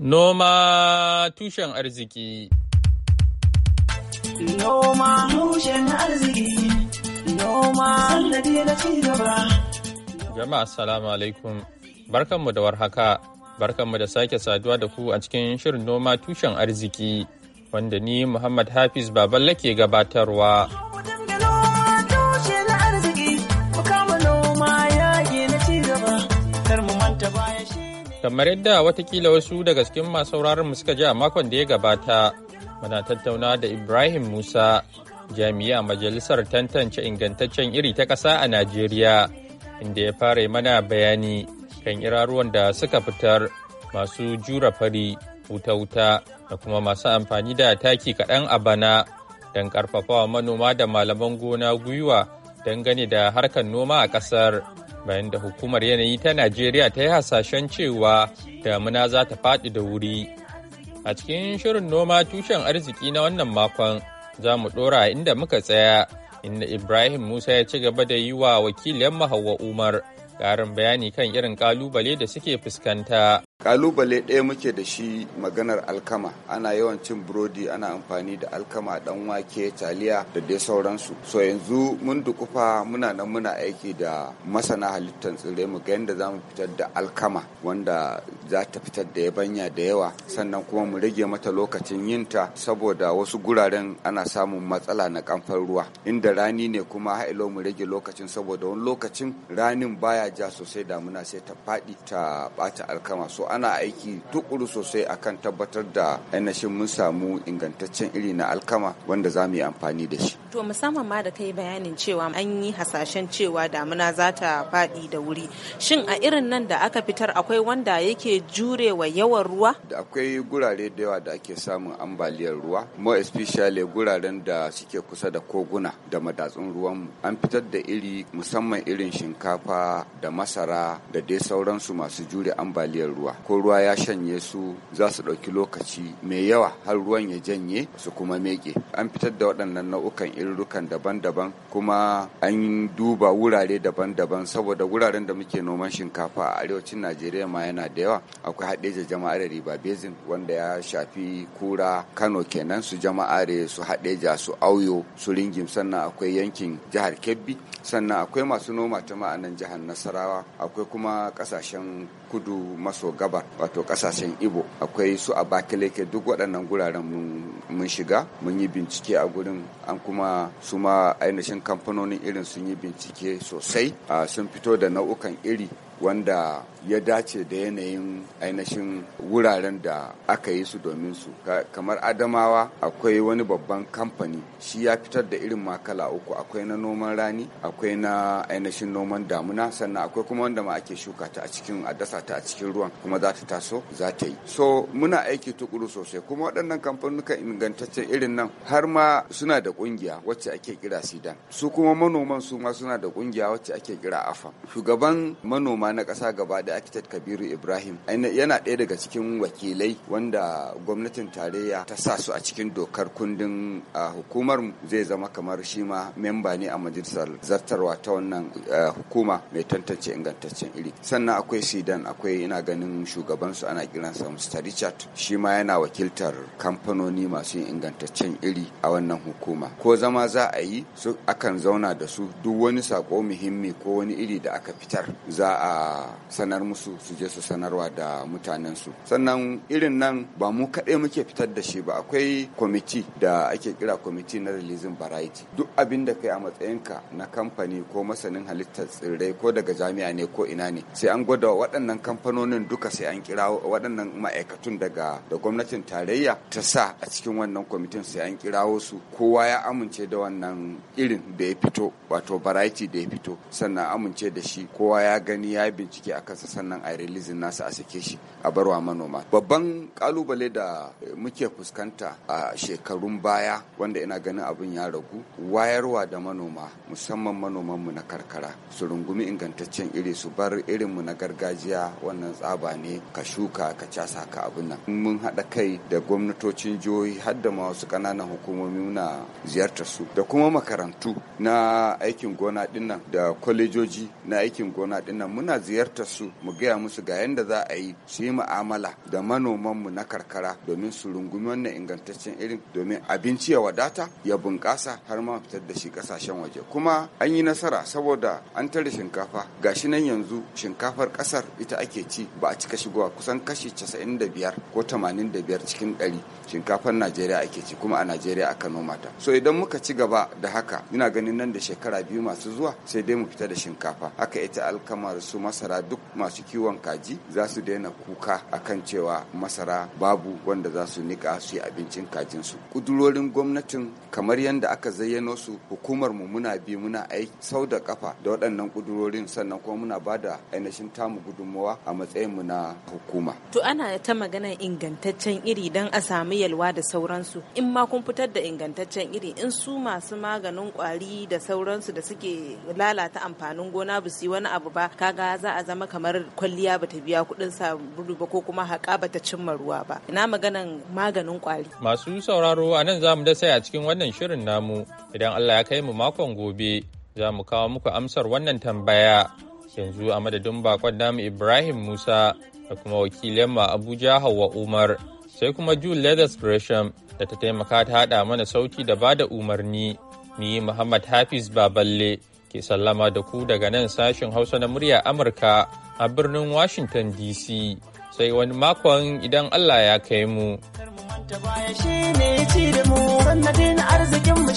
Noma tushen arziki. Noma tushen arziki. Noma sannadi na cigaba. Jama'a salamu alaikum. Barkanmu da warhaka. Barkanmu da sake saduwa da ku a cikin shirin noma tushen arziki wanda ni Muhammad Hafiz Baballe ke gabatarwa. Kar mu manta baya shi. kamar yadda watakila wasu daga cikin masu mu suka ji a makon da ya gabata muna tattauna da ibrahim musa jami'a majalisar tantance ingantaccen iri ta ƙasa a najeriya inda ya fara mana bayani kan iraruwan da suka fitar masu jura fari wuta-wuta da kuma masu amfani da taki kaɗan a bana don karfafawa manoma da malaman gona gwiwa dangane da harkar noma a ƙasar. bayan da hukumar yanayi ta Najeriya ta yi hasashen cewa damuna za ta faɗi da wuri. A cikin shirin noma tushen arziki na wannan makon za mu ɗora inda muka tsaya inda Ibrahim Musa ya ci gaba da yi wa wakiliyar Hauwa Umar ƙarin bayani kan irin ƙalubale da suke fuskanta. kalubale ɗaya muke da shi maganar alkama ana yawan cin burodi ana amfani da alkama dan wake taliya da dai sauransu so yanzu mun dukufa muna nan muna aiki da masana halittar tsirrai mu ga yadda zamu fitar da alkama wanda za ta fitar da yabanya da yawa sannan kuma mu rage mata lokacin yinta saboda wasu guraren ana samun matsala na kamfan ruwa inda rani ne kuma hailo mu rage lokacin saboda wani lokacin ranin baya ja sosai damuna sai ta faɗi ta ɓata alkama so ana aiki tukuru sosai akan tabbatar da ainihin mun samu ingantaccen iri na alkama wanda za mu yi amfani da shi To musamman ma da kai bayanin cewa an yi hasashen cewa damuna za ta faɗi da wuri. Shin a irin nan da aka fitar akwai wanda yake jurewa yawan ruwa? Da akwai gurare da yawa da ake samun ambaliyar ruwa, mo especially guraren da suke kusa da koguna da madatsun ruwanmu. An fitar da iri musamman irin shinkafa da masara da dai sauransu masu jure ambaliyar ruwa. Ko ruwa ya shanye su za su ɗauki lokaci mai yawa har ruwan ya janye su kuma meke. An fitar da waɗannan nau'ukan irurukan daban-daban kuma an duba wurare daban-daban saboda wuraren da muke noman shinkafa a arewacin najeriya ma yana da yawa akwai haɗeja jama'ar riba basin wanda ya shafi kura kano kenan su jama'are su haɗeja su auyo su ringim sannan akwai yankin jihar kebbi sannan akwai masu noma ta ma'anan jihar nasarawa akwai kuma kasashen kudu maso gabar wato kasashen ibo akwai su a bakileke duk waɗannan guraren mun shiga mun yi bincike a gurin an kuma su ma ainihin kamfanonin irin sun yi bincike sosai ah, sun fito da nau'ukan iri wanda ya dace da yanayin ainihin wuraren da aka yi su domin su kamar adamawa akwai wani babban kamfani shi ya fitar da irin makala uku akwai na noman rani akwai na ainihin noman damuna sannan akwai kuma wanda ma ake shuka ta a cikin a dasa ta a cikin ruwan kuma za ta taso za ta yi so muna aiki tukuru sosai kuma waɗannan kamfanuka ingantaccen irin nan har ma suna da ƙungiya wacce ake kira sidan su kuma manoman su ma suna da ƙungiya wacce ake kira afa shugaban manoma ma na ƙasa gaba da architect kabiru ibrahim yana ɗaya daga cikin wakilai wanda gwamnatin tarayya ta sa su a cikin dokar kundin hukumar zai zama kamar shi ma memba ne a majalisar zartarwa ta wannan hukuma mai tantance ingantaccen iri sannan akwai sidan akwai ina ganin shugabansu ana kiransa mr richard shi ma yana wakiltar kamfanoni masu ingantaccen iri a wannan hukuma ko zama za a yi akan zauna da su duk wani sako muhimmi ko wani iri da aka fitar za a a sanar musu su je su sanarwa da mutanen su sannan irin nan ba mu kaɗai muke fitar da shi ba akwai kwamiti da ake kira kwamiti na releasing variety duk abin da kai a matsayinka na kamfani ko masanin halittar tsirrai ko daga jami'a ne ko ina ne sai an gwada waɗannan kamfanonin duka sai an kira waɗannan ma'aikatun daga da gwamnatin tarayya ta sa a cikin wannan kwamitin sai an kirawo su kowa ya amince da wannan irin da ya fito wato variety da ya fito sannan amince da shi kowa ya gani ya bincike a kansa sannan a release nasa a sake shi a barwa manoma babban kalubale da muke fuskanta a shekarun baya wanda ina ganin abun ya ragu wayarwa da manoma musamman manomanmu na karkara su rungumi ingantaccen iri su bar irinmu na gargajiya wannan tsaba ne ka shuka ka casa ka abin nan mun haɗa kai da gwamnatocin jihohi har da wasu ƙananan hukumomi muna ziyartar su da kuma makarantu na aikin gona dinnan da kwalejoji na aikin gona dinnan muna ziyartar su mu gaya musu ga yadda za a yi su yi mu'amala da manomanmu na karkara domin su rungumi wannan ingantaccen irin domin abinci ya wadata ya bunƙasa har ma fitar da shi ƙasashen waje kuma an yi nasara saboda an tare shinkafa ga shi nan yanzu shinkafar ƙasar ita ake ci ba a cika shigowa kusan kashi 95 ko 85 cikin 100 shinkafar Najeriya ake ci kuma a Najeriya aka noma ta so idan muka ci gaba da haka ina ganin nan da shekara biyu masu zuwa sai dai mu fita da shinkafa haka ita alkamar su masara duk masu kiwon kaji za su daina kuka akan cewa masara babu wanda za su nika su yi abincin kajinsu kudurorin gwamnatin kamar yadda aka zayyano su hukumar mu muna bi muna aiki sau da kafa da waɗannan kudurorin sannan kuma muna ba da ainihin tamu gudunmawa a matsayin mu na hukuma to ana ta maganar ingantaccen iri don a samu yalwa da sauransu in ma kun fitar da ingantaccen iri in su masu maganin kwari da sauransu da suke lalata amfanin gona ba su yi wani abu ba kaga za a zama kamar kwalliya ba ta biya kuɗin sabulu ba ko kuma haƙa ba ta cimma ruwa ba ina maganan maganin kwari masu sauraro a nan za mu dasa a cikin wannan shirin namu idan Allah ya kai mu makon gobe za mu kawo muku amsar wannan tambaya yanzu a madadin bakon namu Ibrahim Musa da kuma wakilin ma Abuja Hauwa Umar sai kuma Jude Leathers Gresham da ta taimaka ta haɗa mana sauti da bada umarni ni Muhammad Hafiz Baballe ke sallama da ku daga nan sashen Hausa na murya Amurka a birnin Washington DC. Sai wani makon idan Allah ya kai mu. arzikin